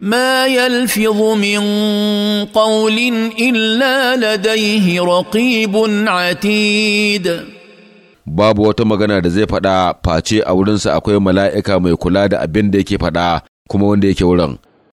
ما يلفظ من قول الا لديه رقيب عتيد babu wata magana da zai faɗa face a wurinsa akwai mala'ika mai kula da abin da yake faɗa kuma wanda yake wurin